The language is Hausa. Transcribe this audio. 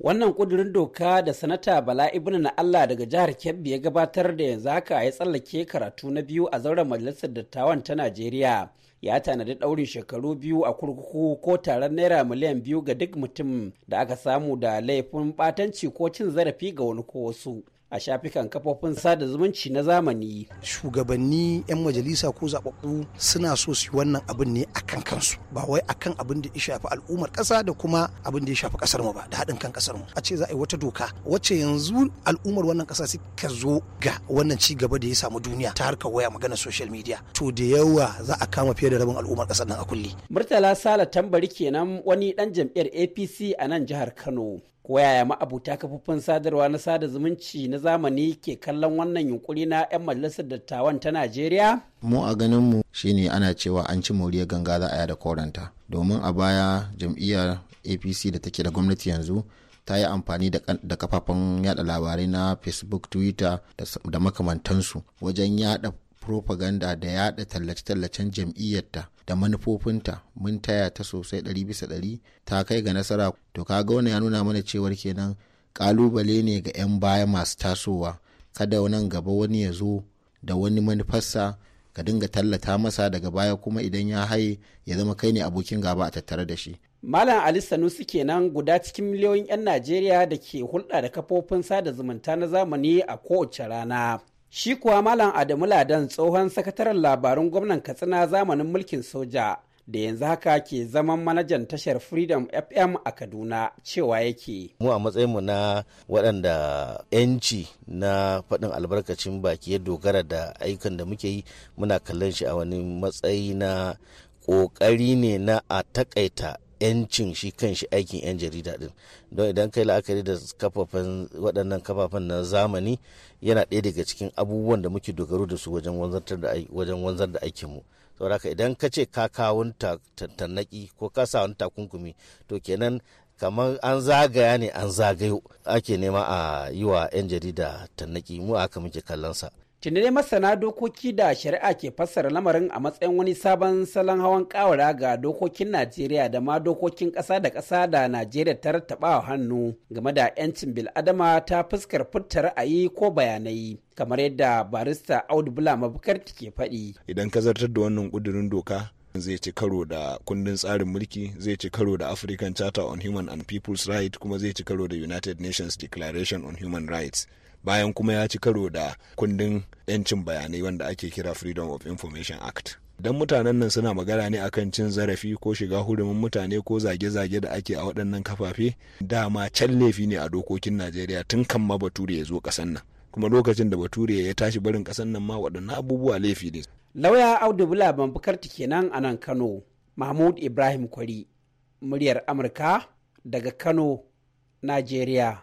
wannan kudurin doka da sanata bala ibn na allah daga jihar kebbi ya gabatar da yanzu haka ya tsallake karatu na biyu a zauren majalisar dattawan ta najeriya ya tanadi daurin shekaru biyu a kurkuku ko taron naira miliyan biyu ga duk mutum da aka samu da laifin ɓatanci ko cin zarafi ga wani ko wasu a shafikan kafofin sada zumunci na zamani. Shugabanni 'yan majalisa ko zaɓaɓɓu suna so su wannan abin ne akan kansu ba wai akan abin da ya shafi al'ummar ƙasa da kuma abin da ya shafi ƙasar mu ba da haɗin kan ƙasar mu. A ce za a yi wata doka wacce yanzu al'ummar wannan ƙasa suka zo ga wannan ci gaba da ya samu duniya ta harkar waya magana social media. To da yawa za a kama fiye da rabin al'ummar ƙasar nan a kulli. Murtala Sala Tambari kenan wani ɗan jam'iyyar APC a nan jihar Kano. ko yaya ma'abuta kafofin sadarwa na sada zumunci na zamani ke kallon wannan yunkuri na 'yan majalisar dattawan ta najeriya mu a ganin mu shine ana cewa an ci moriyar ganga za a yada koranta domin a baya jam'iyyar apc da take da gwamnati yanzu ta yi amfani da kafafen yada labarai na facebook twitter da makamantansu wajen yada propaganda da yada tallace-tallacen jam'iyyarta da manufofinta mun taya ta sosai ɗari bisa ɗari ta kai ga nasara to kaga wani ya nuna mana cewar kenan kalubale ne ga 'yan baya masu tasowa kada nan gaba wani ya zo da wani manufarsa ka dinga tallata masa daga baya kuma idan ya haye ya zama kai ne abokin gaba a tattare da shi Malam Ali Sanusi kenan guda cikin miliyoyin 'yan Najeriya da ke hulɗa da kafofin sada zumunta na zamani a kowace rana. Shi kuwa Malam Adamu Ladan tsohon sakataren labarun gwamnan Katsina zamanin mulkin soja da yanzu haka ke zaman manajan tashar Freedom FM a Kaduna cewa yake. Mu a matsayinmu na waɗanda 'yanci na faɗin albarkacin baki ya dogara da ayyukan da muke yi muna kallon shi a wani matsayi na ƙoƙari ne na a takaita yancin shi kan shi aikin 'yan jarida din don idan kai la'akari da kafafen waɗannan kafafen na zamani yana ɗaya daga cikin abubuwan da muke dogaro da su wajen wanzar da aikinmu saboda haka idan ka ce ka kawun tannaki ko ka sa wani takunkumi to kenan kamar an zagaya ne an zagayo ake nema a yi wa 'yan jarida tannaki mu aka muke kallon sa Tuni dai masana dokoki da shari'a ke fassara lamarin a matsayin wani sabon salon hawan kawara ga dokokin Najeriya da ma dokokin kasa da kasa da Najeriya ta rattaɓa hannu game da 'yancin bil'adama ta fuskar fitta ra'ayi ko bayanai. Kamar yadda barista Audu Bula mafukar ke faɗi. Idan ka zartar da wannan ƙudurin doka zai ci karo da kundin tsarin mulki zai ci karo da african charter on human and people's rights kuma zai ci karo da united nations declaration on human rights bayan kuma ya ci karo da kundin 'yancin bayanai wanda ake kira freedom of information act don mutanen nan suna magana ne akan cin zarafi ko shiga hurumin mutane ko zage-zage da ake a waɗannan kafafe dama can laifi ne a dokokin najeriya tun kan ma bature ya zo ƙasan nan kuma lokacin da bature ya tashi barin ƙasan nan ma waɗannan abubuwa laifi ne lauya audu bula bukarta kenan a nan kano mahmud ibrahim kwari muryar amurka daga kano najeriya